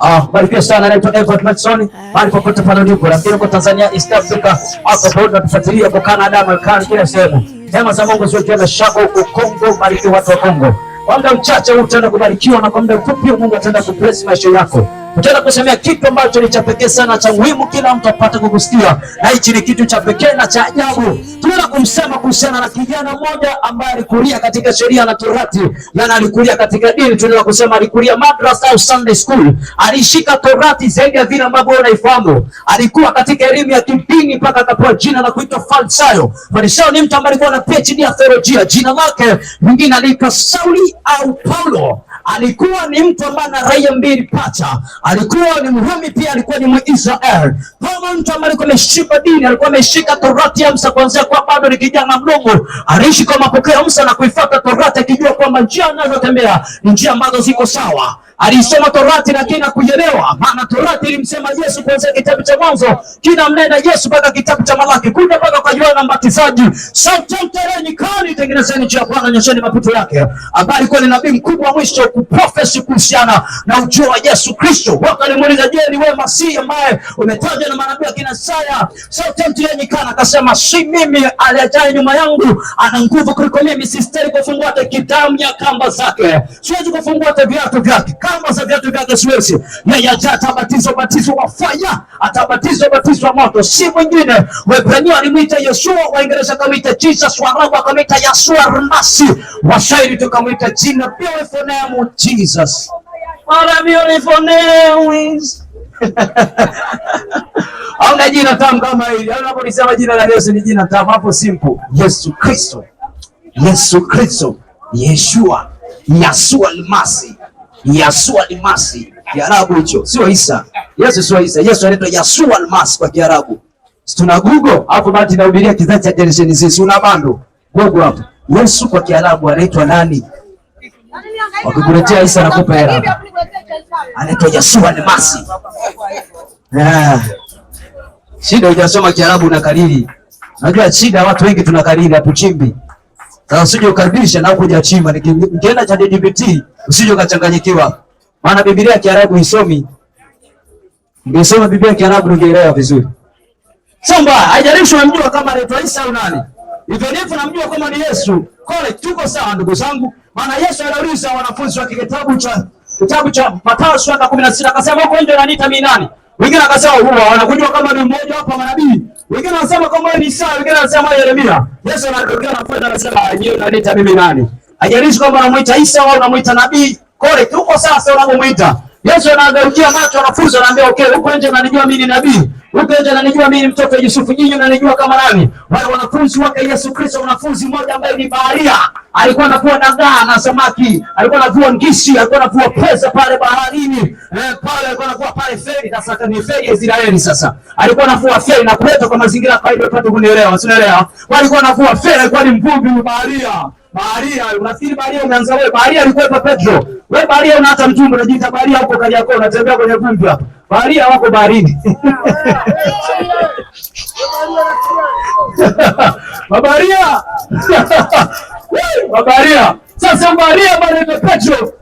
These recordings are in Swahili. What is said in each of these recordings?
Ah, Barikiwa sana anaitwa Evert Matson, ah. mahali popote pale ulipo, lakini uko Tanzania, East Africa, hapo hapo unatufuatilia kwa Canada, Marekani, kila sehemu. Neema za Mungu ziwe na shako huko Kongo, bariki watu wa Kongo. Kwa muda mchache utaenda kubarikiwa na kwa muda mfupi Mungu ataenda kupresi maisha yako. Nitaenda kusemea kitu ambacho ni cha pekee sana cha muhimu, kila mtu apate kukusikia, na hichi ni kitu cha pekee na cha ajabu. Tunaenda kumsema kuhusiana na kijana mmoja ambaye alikulia katika sheria na Torati, na alikulia katika dini. Tunaenda kusema alikulia madrasa au Sunday school, alishika Torati zaidi ya vile ambavyo unaifahamu. Alikuwa katika elimu ya kidini mpaka akapewa jina la kuitwa Farisayo. Farisayo ni mtu ambaye alikuwa na PhD ya theolojia, jina lake mwingine aliitwa Sauli au Paulo. Alikuwa ni mtu ambaye ana raia mbili pacha alikuwa ni Mrumi, pia alikuwa ni Mwisrael, kama mtu ambaye alikuwa ameshika dini, alikuwa ameshika torati ya Musa kuanzia kwa bado ni kijana mdogo, aliishi kwa mapokeo ya Musa na kuifuata torati, akijua kwamba njia anazotembea ni njia ambazo ziko sawa. Alisoma Torati na kina kuielewa, maana Torati ilimsema Yesu kuanzia kitabu cha Mwanzo kina mnena Yesu mpaka kitabu cha Malaki kuja mpaka kwa Yohana Mbatizaji. Sotetereni kani, tengenezeni njia ya Bwana, nyosheni mapito yake, ambaye alikuwa ni nabii mkubwa mwisho kuprofesi kuhusiana na ujio wa Yesu Kristo. Wakamuuliza, je, ni wewe Masihi ambaye umetajwa na manabii akina Isaya? Sotetereni kani, akasema si mimi, aliyejaye nyuma yangu ana nguvu kuliko mimi, sistahili kufungua hata kitamu ya kamba zake, siwezi kufungua hata viatu vyake kamba za viatu vyake siwezi. Yeye atabatizwa batizo wa faya, atabatizwa batizo wa moto, si mwingine. Waebrania walimwita Yeshua, Waingereza wakamwita Jesus, Waarabu wakamwita Yeshua Almasi, Waswahili tukamwita jina beautiful name Jesus. What a beautiful name is. Hauna jina tamu kama hili. hapo yaani nisema jina la Yesu ni jina tamu, hapo simple. Yesu Kristo, Yesu Kristo, Yeshua, Yeshua Almasi Yasua Almasi, Kiarabu hicho sio Isa. Yesu sio Isa. Yesu anaitwa Yasua Almasi kwa Kiarabu. Tuna Google hapo bado inahubiria kizazi cha generation Z. Si Una bando Google hapo. Yesu kwa Kiarabu anaitwa nani? Wakikuletea Isa nakupa hela. Anaitwa Yasua Almasi. Yeah. Shida hujasoma Kiarabu na kariri. Najua shida watu wengi tunakariri chimbi. Sasa sije ukaribisha na kuja chimba. Nikienda cha DDBT usije ukachanganyikiwa, maana Biblia ya Kiarabu isomi ungesoma Biblia ya Kiarabu ungeelewa vizuri. Sio mbaya, haijalishi unamjua kama ni Isa au nani. hivyo Ivyonefu namjua kama ni Yesu. Kole tuko sawa ndugu zangu. Maana Yesu aliuliza wanafunzi wake kitabu cha kitabu cha Mathayo sura ya 16 akasema huko ndio ananiita mimi nani? Wengine akasema huwa wanakujua kama ni mmoja wapo wa manabii. Wengine wanasema kama ni Isa, wengine wanasema Yeremia. Yesu anakuja na kwenda anasema ah, yeye ananiita mimi nani? Hajalishi kwamba unamwita Isa au unamwita nabii, kore tuko sasa unamwita. Yesu anageukia macho wanafunzi anaambia okay, huko nje unanijua mimi ni nabii. Huko nje unanijua mimi ni mtoto wa Yusufu, nyinyi unanijua kama nani? Wale wanafunzi wake Yesu Kristo, wanafunzi mmoja ambaye ni baharia, alikuwa anavua dagaa na samaki, alikuwa anavua ngishi, alikuwa anavua pesa pale baharini. Eh, pale alikuwa anavua pale feri, sasa ni feri ya Israeli sasa. Alikuwa anavua feri na kuleta kwa mazingira kwa ile watu kunielewa, usielewa. Walikuwa anavua feri, alikuwa ni mvuvi baharia. Baharia, unafikiri Baharia umeanza wewe? Baharia alikuwa Petro. Wewe Baharia una hata unajiita Baharia huko kaja unatembea kwenye vumbi hapa. Baharia wako baharini. Mabaharia. Mabaharia. Sasa Baharia bali Petro.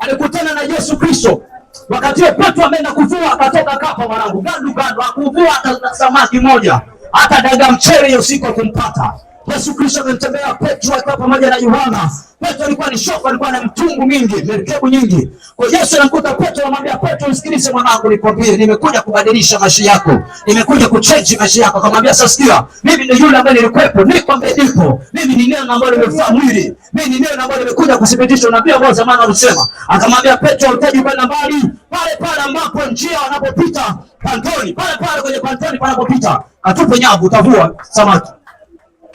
Alikutana na Yesu Kristo. Wakati huo Petro ameenda kuvua akatoka kapa marangu gandu gandu akuvua hata samaki moja. Hata dagaa mchere usiku kumpata. Yesu Kristo amemtembelea Petro akiwa pamoja na Yohana. Petro alikuwa ni shoka, alikuwa na mtungu mingi, merikebu nyingi. Kwa Yesu anamkuta Petro, anamwambia Petro, msikilize mwanangu, nikwambie, nimekuja kubadilisha maisha yako, nimekuja kuchange maisha yako. Akamwambia sasa, sikia, mimi ni yule ambaye nilikuwepo, niko ambaye nipo, mimi ni neno ambalo limefaa mwili, mimi ni neno ambalo limekuja kudhibitishwa na pia Mungu zamani alisema. Akamwambia Petro, utaji kwa nambari pale pale ambapo njia wanapopita pantoni, pale pale kwenye pantoni panapopita, atupe nyavu, utavua samaki.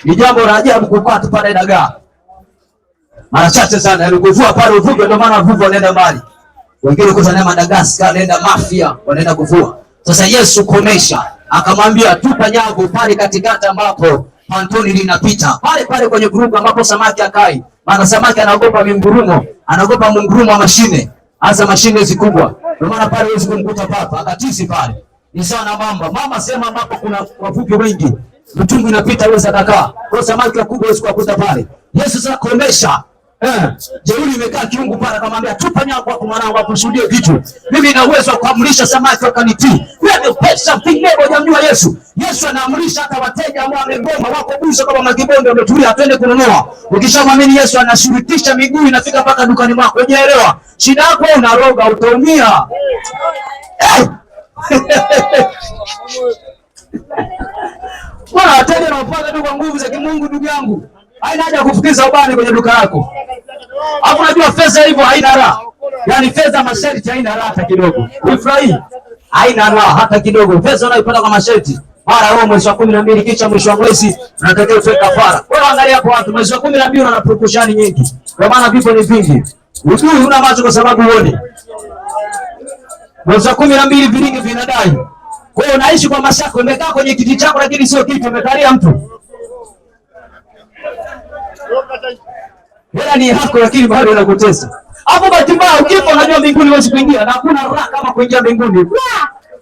Ni jambo la ajabu kupata pale dagaa. Mara chache sana alikuvua yaani pale uvuvi, ndio maana uvuvi wanaenda mbali. Wengine kutoka na Madagascar wanaenda Mafia, wanaenda kuvua. Sasa Yesu komesha, akamwambia tupa nyavu pale katikati ambapo pantoni linapita. Pale pale kwenye grupu ambapo samaki akai. Maana samaki anaogopa mingurumo, anaogopa mngurumo wa mashine, hasa mashine zikubwa. Ndio maana pale huwezi kumkuta papa, akatisi pale. Ni sawa na mamba. Mama sema ambapo kuna wavuvi wengi mtungi unapita ule sakakaa kwa samaki wakubwa wezi kuwakuta pale. Yesu sasa komesha eh, jeuri imekaa kiungu pale, akamwambia tupa nyavu hapo mwanangu, akushuhudie kitu. Mimi na uwezo wa kuamrisha samaki wakanitii. Wewe ndio pesa vinginevyo, hujamjua Yesu. Yesu anaamrisha hata wateja ambao wamegoma wako busa kama makibondo, wametulia twende kununua. Ukishamwamini Yesu anashurutisha miguu inafika mpaka dukani mwako. Unaelewa shida yako, unaroga utaumia. Ukienda na kupata tu kwa nguvu za kimungu, ndugu yangu, haina haja ya kufukiza ubani kwenye duka lako. Hapo unajua fedha hivyo haina raha, yaani fedha masharti haina raha hata kidogo. Ifurahi haina raha hata kidogo. Fedha unayopata kwa masharti mara leo mwezi wa 12 kisha mwisho wa mwezi unatakiwa utoe kafara. Wewe angalia hapo watu mwezi wa 12 na mbili prokushani nyingi, kwa maana vipo ni vingi. Ujui una macho kwa sababu uone mwezi wa 12 vingi vinadai wewe unaishi kwa mashaka, umekaa kwenye kiti chako lakini sio kiti, umekalia mtu. Hela ni yako lakini bado inakutesa Hapo bahati mbaya ukifa unajua mbinguni huwezi kuingia na hakuna raha kama kuingia mbinguni.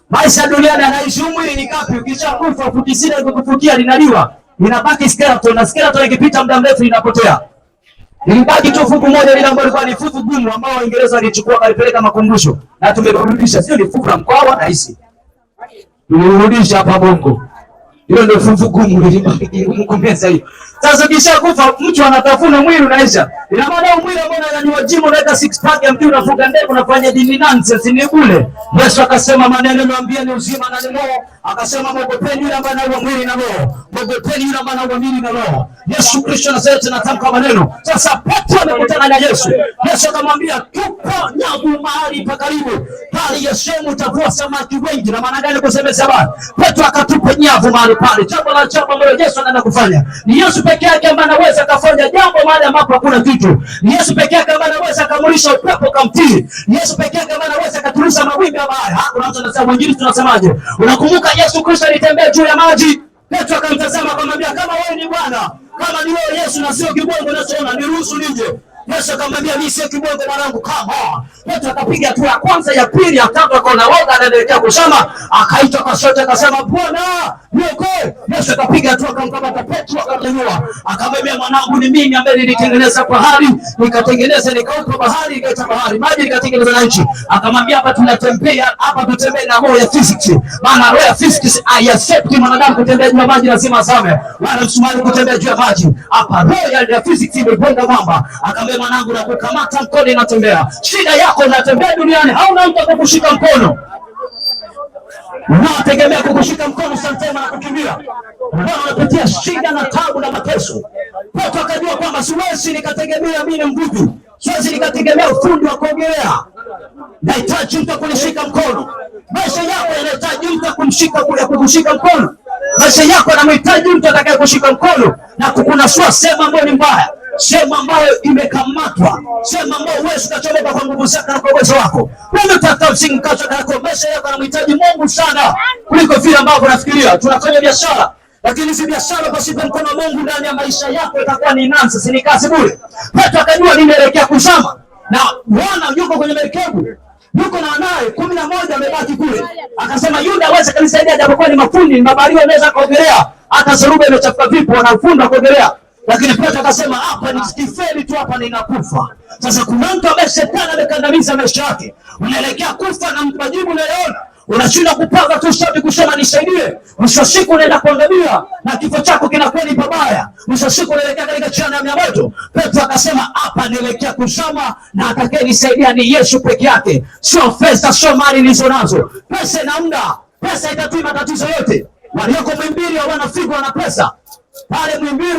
Maisha duniani anaishi mwili ni kapi, ukishakufa futi sita kukufukia linaliwa. Inabaki skeleton na skeleton ikipita muda mrefu inapotea. Ilibaki tu fuvu moja lile ambalo lilikuwa ni fuvu gumu ambao Waingereza walichukua kalipeleka makumbusho na tumerudisha, sio ni fuvu la mkwawa na hisi. Tulirudisha hapa Bongo. Hilo ndio fungu gumu lilimkumeza hiyo. Sasa kisha kufa mtu anatafuna mwili unaisha. Ina maana mwili ambao unadhani wajimu unaweka six pack ya mtu unafuka ndevu unafanya dini nonsense ni bure. Yesu akasema maneno naambia ni uzima na ni roho. Akasema mogopeni yule ambaye anaua mwili na roho. Mogopeni yule ambaye anaua mwili na roho. Yesu Kristo anasema tunatamka maneno. Sasa Petro amekutana na Yesu. Yesu akamwambia tupo nyavu mahali pa karibu. Pale Yesu mtakuwa samaki wengi. Na maana gani kusemesha bwana? Petro akatupa nyavu mahali pale. Jambo la jambo ambalo Yesu anaenda kufanya. Ni Yesu peke yake ambaye anaweza kafanya jambo mahali ambapo hakuna kitu. Ni Yesu peke yake ambaye anaweza kamulisha upepo kamtii. Ni Yesu peke yake ambaye anaweza katuliza mawimbi ya bahari. Kuna unaanza na sababu tunasemaje? Unakumbuka Yesu Kristo alitembea juu ya maji. Petro akamtazama akamwambia, kama wewe ni Bwana, kama ni wewe Yesu na sio kibongo unachoona, niruhusu nije. Yesu akamwambia mimi sio kiboko mwanangu, come on. Petro akapiga tu ya kwanza ya pili, akatoka kwa naoga anaelekea kusema, akaita kwa sauti akasema, Bwana niokoe. Yesu akapiga tu akamkamata Petro akamnyanyua, akamwambia mwanangu, ni mimi ambaye nilitengeneza bahari, nikatengeneza nikaupa bahari, ikaita bahari maji, nikatengeneza na nchi. Akamwambia hapa tunatembea hapa, tutembee na roho ya physics, maana roho ya physics ah, haiaccept mwanadamu kutembea juu ya maji, lazima azame, wala msumari kutembea juu ya maji. Hapa roho ya physics imeponda mwamba, akamwambia wewe mwanangu, na kukamata mkono inatembea. Shida yako inatembea duniani, hauna mtu kukushika mkono, unategemea kukushika mkono santema na kukimbia. Bwana, unapitia shida na tabu na mateso, watu wakajua kwamba siwezi nikategemea mimi mvuvi, siwezi nikategemea ufundi wa kuogelea, nahitaji mtu kunishika mkono. Maisha yako yanahitaji mtu kumshika kukushika mkono maisha yako yanamhitaji mtu atakaye kushika mkono na kukunasua sehemu ambayo ni mbaya sehemu ambayo imekamatwa, sehemu ambayo huwezi ukachomoka kwa nguvu zako na kwa uwezo wako. Umetafuta msingi katika mesha yako, anamhitaji Mungu sana kuliko vile ambavyo unafikiria. Tunafanya biashara lakini si biashara pasipo mkono wa Mungu ndani ya maisha yako itakuwa ni nansa, si ni kazi bure. Petro akajua nimeelekea kuzama, na Bwana yuko kwenye merikebu, yuko na wanaye kumi na moja wamebaki kule. Akasema Yuda aweze kanisaidia, japokuwa ni mafundi ni mabaharia, anaweza kuogelea. Hata seruba imechafuka vipo, wanafunda kuogelea lakini Petro akasema hapa nikifeli tu hapa ninakufa. Sasa kuna mtu ambaye shetani amekandamiza maisha yake, unaelekea kufa na majibu unayoona unashinda kupanga tu shati kusema nisaidie. Mwisho siku unaenda kuangamia na kifo chako kinakuwa ni pabaya. Mwisho siku unaelekea katika jehanamu ya moto. Petro akasema hapa nielekea kuzama, na nisaidia ni Yesu peke yake, sio pesa, sio mali nilizo nazo. Pesa ina muda, pesa itatui matatizo yote. Walioko mwimbili hawana fikra na pesa pale mwimbili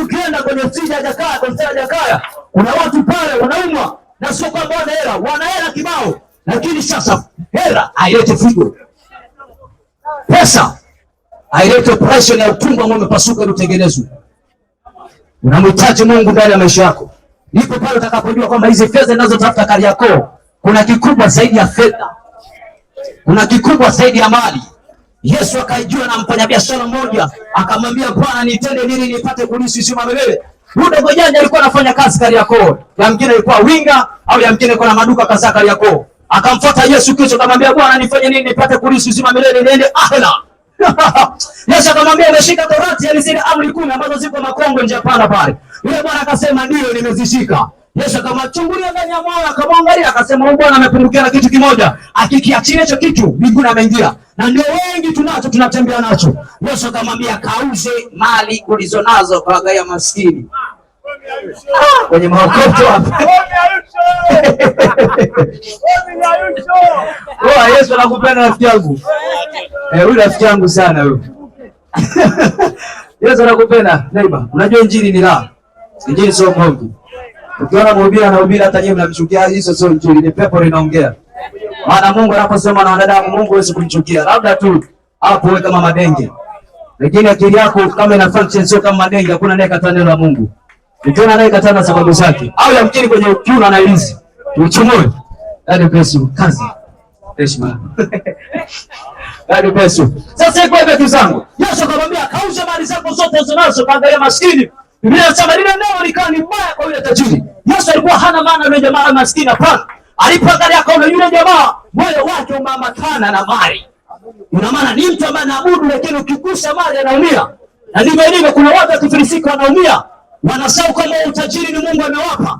kwenye ofisi ya Jakaya, konsta ya Jakaya, kuna watu pale wanaumwa, na sio kwamba wana hela, wana hela kibao, lakini sasa hela haileti figo, pesa haileti operation ya utumbo ambao umepasuka ili utengenezwe. Unamhitaji Mungu ndani ya maisha yako, niko pale utakapojua kwamba hizi fedha ninazotafuta yako, kuna kikubwa zaidi ya fedha, kuna kikubwa zaidi ya mali Yesu akaijua na mfanyabiashara mmoja akamwambia, Bwana, nitende nini nipate kulisi uzima wa milele? Huyu dogo alikuwa anafanya kazi Kariakoo, yamkini alikuwa winga au yamkini alikuwa na maduka kadhaa Kariakoo. Akamfuata Yesu Kristo akamwambia, Bwana, nifanye nini nipate kulisi uzima wa milele niende ahera? Yesu akamwambia, ameshika Torati, alizile amri kumi ambazo ziko Makongo njia panda pale. Yule bwana akasema, ndio nimezishika. Yesu akamchungulia ndani ya moyo, akamwangalia, akasema Bwana amepungukiwa na kitu kimoja, akikiachia hicho kitu mbinguni ameingia. Na ndio wengi tunacho, tunatembea nacho. Yesu akamwambia, kauze mali ulizonazo kwa gaya maskini. Ah, kwenye maokoto hapo. Oh, Yesu anakupenda rafiki yangu, eh, huyu rafiki yangu sana huyu. Yesu anakupenda neighbor, Unajua injili ni raha, injili sio maombi Ukiona mhubiri anahubiri hata nyinyi mnamchukia, hizo sio injili, ni pepo linaongea. Maana Mungu anaposema na wanadamu, Mungu hawezi kumchukia, labda tu hapo wewe kama madenge, lakini akili yako kama ina function sio kama madenge, hakuna anayekataa neno la Mungu. Ukiona anayekataa na sababu zake, au mkini kwenye ukiona na ilizi. uchomoe, yaani pesa kazi heshima yaani pesa. Sasa iko hivi zangu, Yesu akamwambia kauza mali zako zote unazo, kaangalia maskini Biblia inasema lile neno likawa ni mbaya kwa yule tajiri. Yesu alikuwa hana maana yule jamaa maskini, hapana. Alipoangalia akaona yule jamaa moyo wake umeambatana na mali. Una maana ni mtu ambaye anaabudu, lakini ukigusa mali anaumia. Na ndivyo ilivyo, kuna watu wakifilisika wanaumia, wanasahau kwamba utajiri ni Mungu amewapa.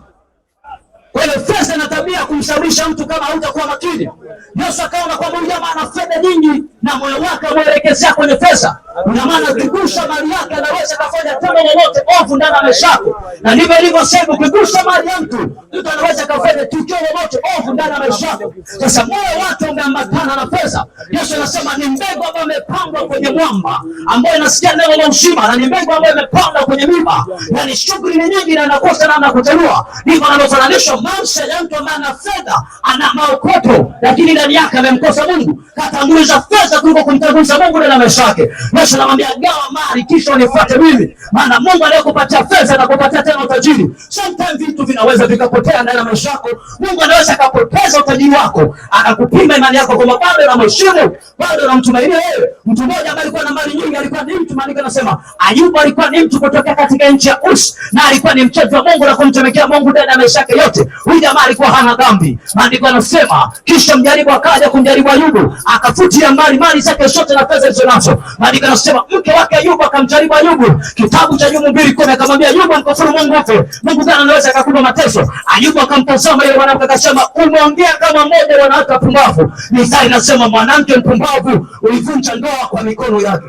Kwa hiyo pesa na tabia kumshawishi mtu kama hautakuwa makini. Yesu akaona kwamba yule jamaa ana fedha nyingi na moyo wako umeelekezea kwenye pesa, na maana ukigusa mali yake anaweza kufanya tendo lolote ovu ndani ya maisha yako, na ndivyo ilivyo ilivyosema, ukigusa mali ya mtu, mtu anaweza kufanya tukio lolote ovu ndani ya maisha yako. Sasa moyo wako umeambatana na pesa. Yesu anasema ni mbegu ambayo imepandwa kwenye mwamba, ambayo inasikia neno la uzima, na ni mbegu ambayo imepandwa kwenye miba, na ni shughuli nyingi, na inakosa namna ya kutanua. Ndivyo anavyofananishwa maisha ya mtu ambaye ana fedha, ana maokoto, lakini ndani yake amemkosa Mungu, katanguliza fedha hata kuliko kumtanguliza Mungu na maisha yake. Mwisho anamwambia gawa mali kisha unifuate mimi, maana Mungu anayokupatia fedha na kupatia tena utajiri. Sometimes vitu vinaweza vikapotea ndani ya maisha yako. Mungu anaweza akapoteza utajiri wako, akakupima imani yako kwa mabado na mheshimu, bado namtumainia wewe. Mtu mmoja ambaye alikuwa na mali nyingi, alikuwa ni mtu, maandiko anasema Ayubu alikuwa ni mtu kutoka katika nchi ya Us na alikuwa ni mchezo wa Mungu na kumtumikia Mungu ndani ya maisha yake yote. Huyu jamaa alikuwa hana dhambi. Maandiko yanasema kisha mjaribu akaja kumjaribu Ayubu, akafutia mali mali zake zote na fedha hizo nazo. Maandiko yanasema mke wake Ayubu akamjaribu Ayubu, kitabu cha Ayubu kumi akamwambia Ayubu, mkufuru Mungu ufe. Mungu gani anaweza akakupa mateso? Ayubu akamtazama yule mwanamke akasema, umeongea kama mmoja wa wanawake wapumbavu. Mithali inasema mwanamke mpumbavu ulivunja ndoa kwa mikono yake.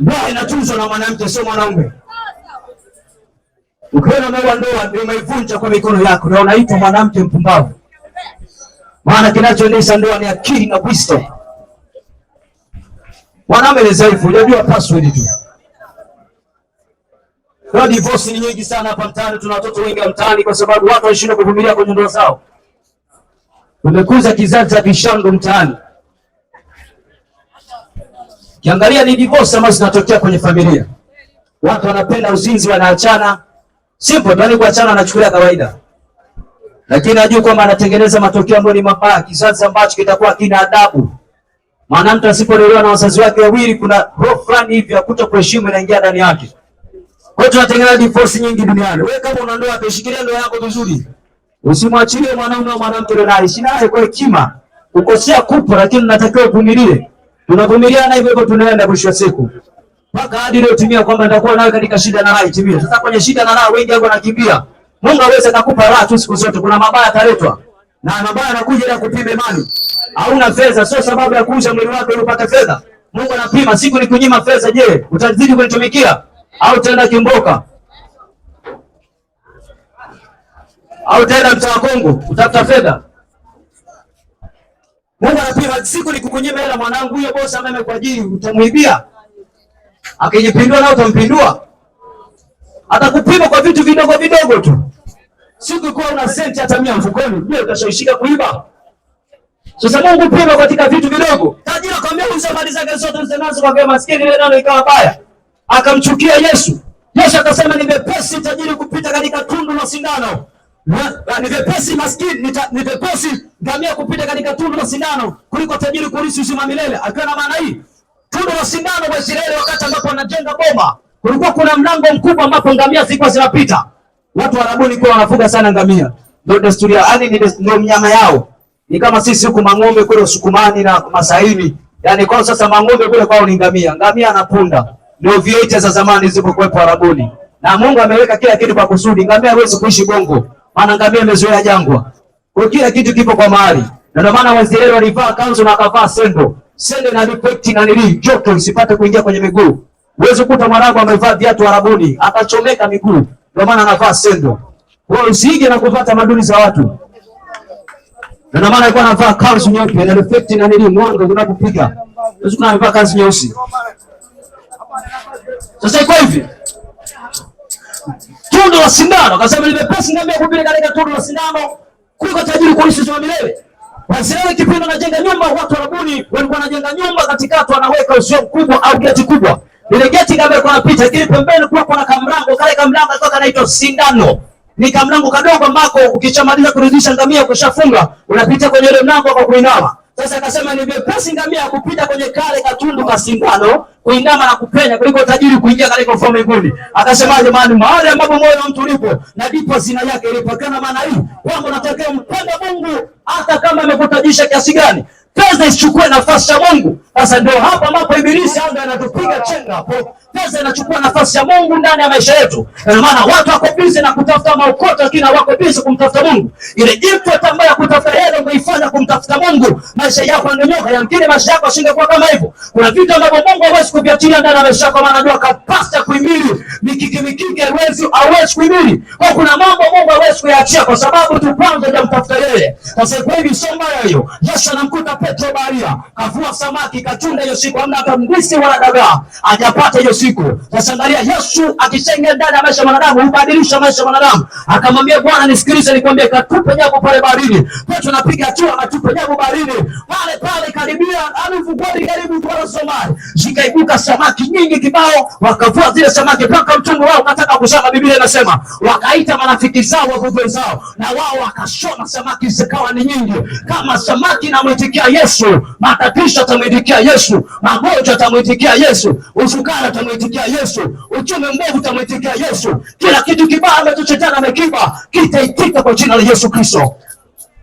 Ndoa inatunzwa na mwanamke, sio mwanaume. Ukiona umeoa ndoa ndio umeivunja kwa mikono yako, na unaitwa mwanamke mpumbavu. Maana kinachoendesha ndoa ni akili na wisdom. Wanaume ni dhaifu, unajua password tu. Kwa divorce ni nyingi sana hapa mtaani, tuna watoto wengi wa mtaani kwa sababu watu wanashindwa kuvumilia kwenye ndoa zao. Tumekuza kizazi cha vishango mtaani. Kiangalia ni divorce ambazo zinatokea kwenye familia. Watu wanapenda uzinzi, wanaachana. Simple, bali kuachana anachukulia kawaida. Lakini najua kwamba anatengeneza matokeo ambayo ni mabaya, kizazi ambacho kitakuwa kina adabu. Mwanamke asipolielewa na wazazi wake wawili, kuna roho fulani hivi ya kuto kuheshimu inaingia ndani yake. Kwa hiyo tunatengeneza divorce nyingi duniani. Wewe kama una ndoa, shikilia ndoa yako vizuri, usimwachilie mwanaume au mwanamke ndio naye, ishi naye kwa hekima. Ukosea kupo, lakini natakiwa uvumilie. Tunavumiliana hivyo hivyo, tunaenda mwisho wa siku mpaka hadi leo tumia kwamba nitakuwa nawe katika shida na raha itimie. Sasa kwenye shida na raha wengi wako nakimbia. Mungu aweze kukupa raha tu siku zote, kuna mabaya yataletwa na ambaye anakuja ya kupima imani. Hauna fedha, sio sababu ya kuuza mwili wako ili upate fedha. Mungu anapima siku ni kunyima fedha. Je, utazidi kunitumikia au utaenda kimboka au utaenda mtaa Kongo utafuta fedha? Mungu anapima siku ni kukunyima hela. Mwanangu, huyo bosi ambaye amekuajiri utamwibia, akijipindua na utampindua, atakupima kwa vitu vidogo vidogo tu siku kwa una senti hata mia mfukoni, ndio utashawishika kuiba. Sasa Mungu pima katika vitu vidogo. Tajiri akamwambia uze mali zake zote uze kwa kwa maskini ile nalo ikawa baya, akamchukia Yesu. Yesu akasema ni vepesi tajiri kupita katika tundu la sindano, ni vepesi maskini, ni vepesi ngamia kupita katika tundu la sindano kuliko tajiri kurithi uzima milele. Akiwa na maana hii tundu la sindano kwa Israeli, wakati ambapo wanajenga boma, kulikuwa kuna mlango mkubwa ambapo ngamia zilikuwa zinapita Watu wa Arabuni kwa wanafuga sana ngamia, ndio desturi yao, yani ndio mnyama yao. Ni kama sisi huku mang'ombe kule Usukumani na Masaini, Yaani kwao sasa mang'ombe kule kwao ni ngamia, ngamia na punda ndio vieti za zamani zipo kwa Arabuni, na Mungu ameweka kila kitu kwa kusudi. Ngamia hawezi kuishi Bongo, maana ngamia imezoea jangwa, kwa kila kitu kipo kwa mahali, na ndio maana Waisraeli walivaa kanzu na akavaa sendo Sendo na reflect na nili joto isipate kuingia kwenye miguu. Uwezi kuta mwanangu amevaa viatu Arabuni atachomeka miguu. Ndio maana anavaa sendo. Wewe usiige na kuvaa tamaduni za watu. Na ndio maana alikuwa anavaa kanzu nyeupe na reflect na nini mwanga unapopiga. Sasa kuna anavaa kanzu nyeusi. Sasa iko hivi. Tundu la sindano akasema nimepesi ngamia kuhubiri katika tundu la sindano kuliko tajiri kuishi kwa milele. Wazee kipindi wanajenga nyumba watu wa rabuni walikuwa wanajenga nyumba katikati wanaweka usio mkubwa au geti kubwa. Ile geti kama kuna picha, lakini pembeni kuwa kuna kamlango, kale kamlango kwa kanaitwa sindano. Ni kamlango kadogo ambako ukichamaliza kurudisha ngamia kushafunga unapita kwenye ile mlango kwa kuinama. Sasa akasema ni vyepesi ngamia kupita kwenye kale katundu ka sindano, kuinama na kupenya kuliko tajiri kuingia kale kwa fomu nguni. Akasema jamani, mahali ambapo moyo wa mtu ulipo na ndipo zina yake ilipokana maana hii kwamba unatakiwa mpende Mungu hata kama amekutajisha kiasi gani, Pesa isichukue nafasi ya Mungu. Sasa ndio hapa ambapo ibilisi anga anatupiga chenga hapo pesa inachukua nafasi ya Mungu ndani ya maisha yetu. Ndio maana watu wako busy na kutafuta maokoto, lakini hawako busy kumtafuta Mungu. Ile effort ambayo ya kutafuta hela umeifanya kumtafuta Mungu, maisha yako yananyoka. Yamkini maisha yako yasingekuwa kama hivyo. Kuna vitu ambavyo Mungu hawezi kuviachilia ndani ya maisha yako, maana anajua kapasta kuhimili mikiki mikiki hawezi hawezi kuhimili. Kwa kuna mambo Mungu hawezi kuyaachia kwa sababu tu kwanza hajamtafuta yeye. Kwa sababu hivi soma hiyo. Yesu anamkuta Petro baharia, kavua samaki, kachunda hiyo siku, hamna hata mgusi wala dagaa. Hajapata hiyo siku, kwa sababu Yesu akichangia ndani ya maisha mwanadamu hubadilisha maisha mwanadamu. Akamwambia Bwana, nisikilize nikwambie, katupe nyavu pale baharini. Kwa tunapiga hatua, katupe nyavu baharini pale pale, karibia au fukweni, karibu kwa Somali, zikaibuka samaki nyingi kibao, wakavua zile samaki mpaka mtungu wao kataka kusama. Biblia inasema wakaita marafiki zao, wavuvi zao, na wao wakashona samaki zikawa ni nyingi. Kama samaki namwitikia Yesu, matatizo atamwitikia Yesu, magonjwa atamwitikia Yesu, usukara atamwitikia utamwitikia Yesu, uchume mbovu utamwitikia Yesu, kila kitu kibaya ambacho shetani amekiba kitaitika kwa jina la Yesu Kristo.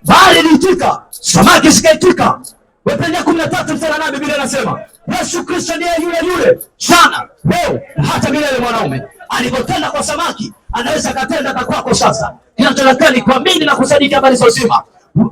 Bali iliitika, samaki zikaitika. Waebrania kumi na tatu mstari nane Biblia inasema Yesu Kristo ndiye yule yule jana, leo na hata milele. Mwanaume alivyotenda kwa samaki anaweza akatenda na kwako sasa. Kinachotakiwa ni kuamini na kusadiki habari za uzima.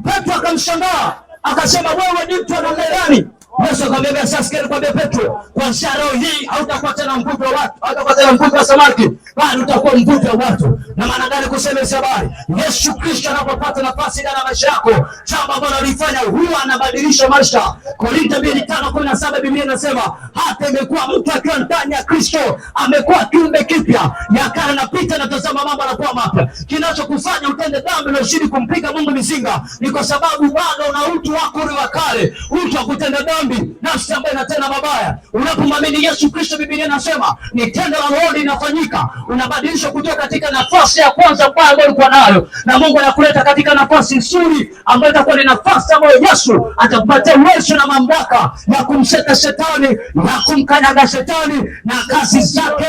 Petro akamshangaa akasema, wewe ni mtu wa namna gani? Yesu akamwambia sasa, sikia nikwambie Petro, kwa sharao hii hautakuwa tena mvuto wa watu, hautakuwa tena mvuto wa samaki, bali utakuwa mvuto wa watu. Na maana gani kusema hizo habari? Yesu Kristo anapopata nafasi ndani ya maisha yako, jambo ambalo alifanya huwa anabadilisha maisha. Korintho 5:17 Biblia inasema hata imekuwa mtu akiwa ndani ya Kristo amekuwa kiumbe kipya, ya kale yanapita na tazama mambo yanakuwa mapya. Kinachokufanya utende dhambi na ushiriki kumpiga Mungu mizinga ni kwa sababu bado una utu wako ule wa kale, utu wa kutenda dhambi dhambi, nafsi ambayo inatenda mabaya. Unapomwamini Yesu Kristo, Biblia inasema ni tendo la Roho linafanyika, unabadilishwa kutoka katika nafasi ya kwanza mbaya ambayo ulikuwa nayo, na Mungu anakuleta katika nafasi nzuri ambayo itakuwa ni nafasi ambayo Yesu atakupatia uwezo na mamlaka ya kumseta shetani na kumkanyaga shetani na kazi zake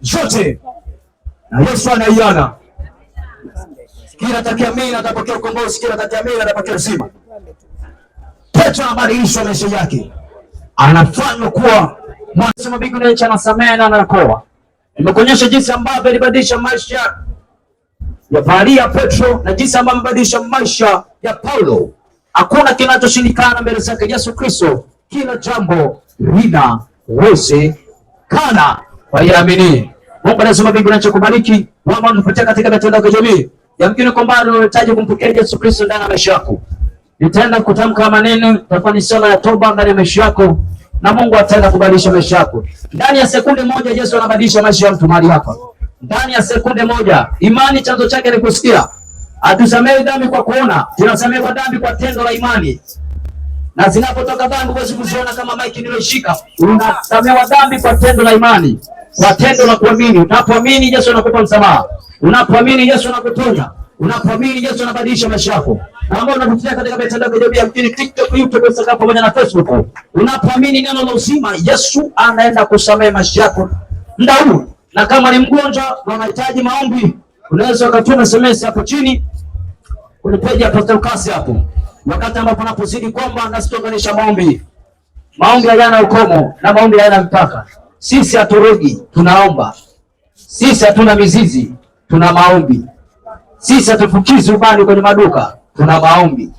zote, na Yesu anaiona kila takiamini atapokea ukombozi, kila takiamini atapokea uzima. Petro anabadilishwa maisha yake, anafanywa kuwa mwanasema mbingu na nchi, anasamea na anakoa. Nimekuonyesha jinsi ambavyo alibadilisha maisha ya Maria Petro na jinsi ambavyo amebadilisha maisha ya Paulo. Hakuna kinachoshindikana mbele zake Yesu Kristo, kila jambo lina kana kwa yaamini. Mungu anasema mbingu na nchi kubariki, mama unapotea katika mitandao ya kijamii. Yamkini kwamba unahitaji kumpokea Yesu Kristo ndani ya maisha yako. Nitaenda kutamka maneno, itakuwa ni sala ya toba ndani ya maisha yako, na Mungu ataenda kubadilisha maisha yako. Ndani ya sekunde moja, Yesu anabadilisha maisha ya mtu mahali hapa, ndani ya sekunde moja. Imani chanzo chake ni kusikia. Atusamee dhambi kwa kuona, tunasamehewa dhambi kwa tendo la imani na zinapotoka dhambi huwezi kuziona kama maiki niliyoshika. Unasamewa dhambi kwa tendo la imani, kwa tendo la kuamini. Unapoamini Yesu anakupa msamaha, unapoamini Yesu anakutunza. Unapoamini Yesu anabadilisha maisha yako, ambao unatufuatilia katika mitandao ya kijamii ya mjini, TikTok, YouTube, Instagram pamoja na Facebook, unapoamini neno la uzima, Yesu anaenda kusamehe maisha yako muda huu. Na kama ni mgonjwa na unahitaji maombi, unaweza ukatuma SMS hapo chini kwenye page ya Pastor Kasi hapo, wakati ambapo unapozidi kwamba na sitoanisha maombi. Maombi hayana ukomo na maombi hayana mpaka. Sisi haturogi, tunaomba. Sisi hatuna mizizi, tuna maombi. Sisi hatufukizi ubani kwenye maduka, tuna maombi.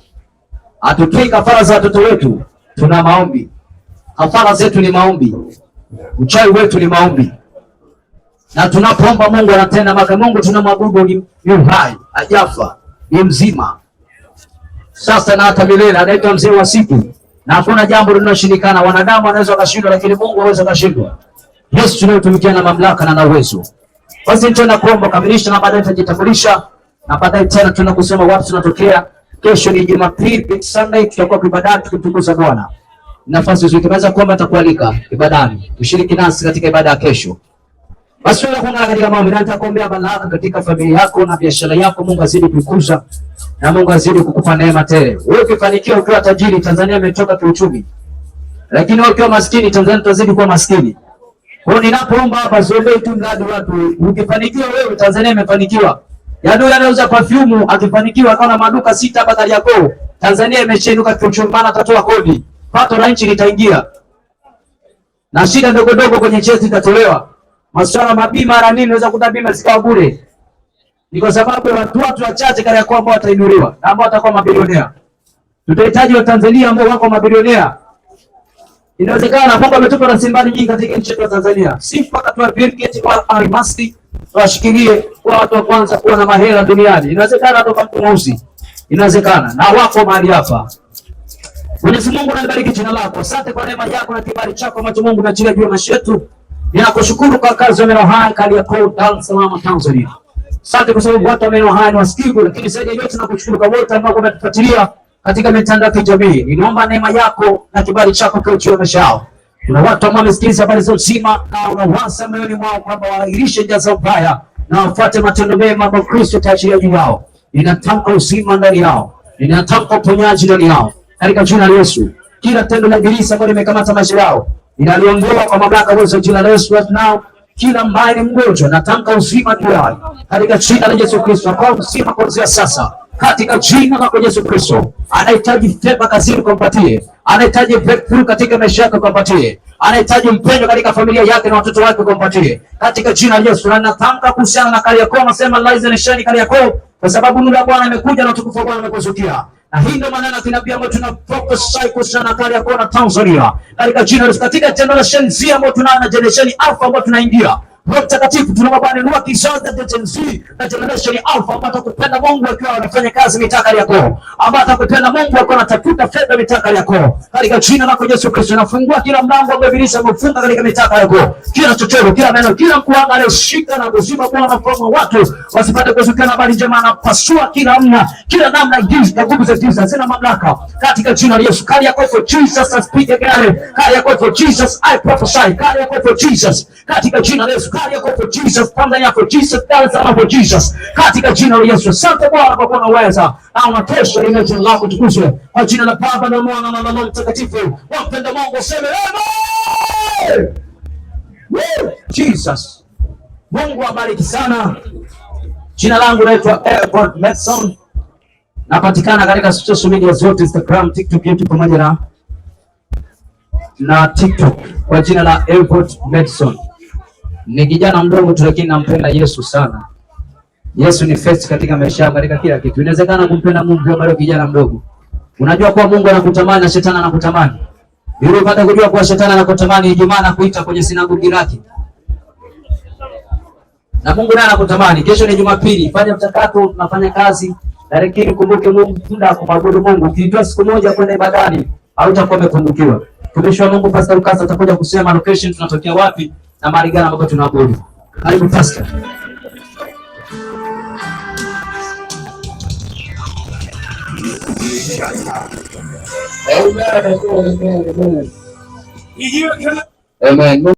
Hatutoi kafara za watoto wetu, tuna maombi. Kafara zetu ni maombi, uchawi wetu ni maombi, na tunapoomba Mungu anatenda. Maana Mungu tunamwabudu ni uhai, ajafa, ni mzima sasa na hata milele. Anaitwa mzee wa siku, na hakuna jambo linaloshindikana. Wanadamu wanaweza wakashindwa, lakini Mungu hawezi akashindwa. Yesu tunayotumikia na mamlaka na na uwezo. Basi tena kuomba kamilisha, na baadaye nitajitambulisha na baadaye tena tuna kusema wapi tunatokea. Kesho ni Jumapili Sunday, tutakuwa ibadani tukimtukuza Bwana. Nafasi hizo tunaweza kuomba, atakualika ibadani, ushiriki nasi katika ibada ya kesho. Basi wewe kuna katika mambo na nitakuombea baraka katika familia yako na biashara yako, Mungu azidi kukuza na Mungu azidi kukupa neema tele. Wewe ukifanikiwa ukiwa tajiri, Tanzania imetoka kiuchumi. Lakini wewe ukiwa maskini, Tanzania tutazidi kuwa maskini. Kwa hiyo ninapoomba hapa, siombei tu mradi watu. Ukifanikiwa wewe, Tanzania imefanikiwa. Yadui anauza perfume akifanikiwa akawa na maduka sita badala ya koo. Tanzania imeshenuka kiuchumbana, atatoa kodi. Pato la nchi litaingia. Na shida ndogo ndogo kwenye chesi itatolewa. Masuala mabima na nini unaweza kuta bima zikawa bure. Ni kwa sababu ya watu watu wachache kana ya kwamba watainuliwa na ambao watakuwa mabilionea. Tutahitaji Watanzania ambao wako mabilionea. Inawezekana na Mungu ametupa rasilimali nyingi katika nchi yetu ya Tanzania. Sifa katuwa Bill Gates kwa almasi washikilie kwa watu wa kwanza kuwa na mahela duniani. Inawezekana toka kwa mtu mweusi, inawezekana na wako mahali hapa. Mwenyezi Mungu, anabariki jina lako, asante kwa neema yako na kibali chako macho. Mungu na jina juu maisha yetu, ninakushukuru kwa kazi ya neno haya kali yako, Dar es Salaam Tanzania. Asante kwa sababu watu wa neno haya ni wasikivu, lakini zaidi ya yote nakushukuru kwa wote ambao wametufuatilia katika mitandao ya kijamii. Ninaomba neema yako na kibali chako kwa juu wa maisha yao kuna watu ambao wamesikiliza habari za uzima na wanawaza moyoni mwao kwamba waahirishe njia za ubaya na wafuate matendo mema ambayo Kristo tayari juu yao. Ninatamka uzima ndani yao, ninatamka uponyaji ndani yao katika jina la Yesu. Kila tendo la ibilisi ambalo limekamata maisha yao ninaliondoa kwa mamlaka ya Yesu, jina la Yesu right now. kila mbaya ni mgonjwa natamka uzima juu yao katika jina la Yesu Kristo, kwa uzima kuanzia sasa katika jina lako Yesu Kristo. Anahitaji fedha kazini, kumpatie. Anahitaji breakthrough katika maisha yake, kumpatie. Anahitaji mpendo katika familia yake na watoto wake, kumpatie katika jina la Yesu. Na natamka kuhusiana na Kariakoo, anasema Liza nishani Kariakoo, kwa sababu nuru ya Bwana imekuja na utukufu wa Bwana umekuzukia na hii ndio maana tunaambia ambayo tuna focus sana na Kariakoo na Tanzania katika jina la Yesu, katika generation Z ambayo tunayo na generation Alpha ambayo tunaingia Roho Mtakatifu tunaomba Bwana, kizazi cha Gen Z na generation Alpha ambao atakupenda Mungu akiwa anafanya kazi mitaka yako, ambao atakupenda Mungu akiwa anatafuta fedha mitaka yako, katika jina lako Yesu Kristo nafungua kila mlango ambao ibilisi amefunga katika mitaka yako, kila chochoro, kila neno, kila mkuanga aliyeshika na kuzima Bwana, kwa watu wasipate kuzukana habari njema, na pasua kila mna kila namna gizi na nguvu za giza zina mamlaka katika jina la Yesu. Kali yako for Jesus, I speak again. Kali yako for Jesus, I prophesy. Kali yako for Jesus, katika jina la Yesu. Sukari yako for Jesus, damu yako Jesus, dance hapo Jesus. Katika jina la Yesu. Asante Bwana kwa kuwa unaweza. Na unatosha ile jina lako tukuzwe. Kwa jina la Baba na Mwana na Roho Mtakatifu. Wapenda Mungu useme amen. Jesus. Mungu abariki sana. Jina langu naitwa Everett Medson. Napatikana katika social media zote Instagram, TikTok, YouTube pamoja na na TikTok kwa jina la Everett Medson. Ni kijana mdogo tu, lakini nampenda Yesu sana. Yesu ni first katika maisha yangu, katika kila kitu. Inawezekana kumpenda Mungu kwa bado kijana mdogo. Unajua kuwa Mungu anakutamani na shetani anakutamani. Yule upata kujua kuwa shetani anakutamani, Ijumaa anakuita kwenye sinagogi lake. Na Mungu naye anakutamani. Kesho ni Jumapili, fanya mchakato, tunafanya kazi. Lakini kumbuke Mungu, muda wa kumwabudu Mungu. Ukitoa siku moja kwenda ibadani, hautakuwa umepungukiwa. Tumeshaona Mungu Pastor Lucas atakuja kusema location tunatokea wapi na mali gani ambapo tunabuni. Karibu pastor. Amen. Amen.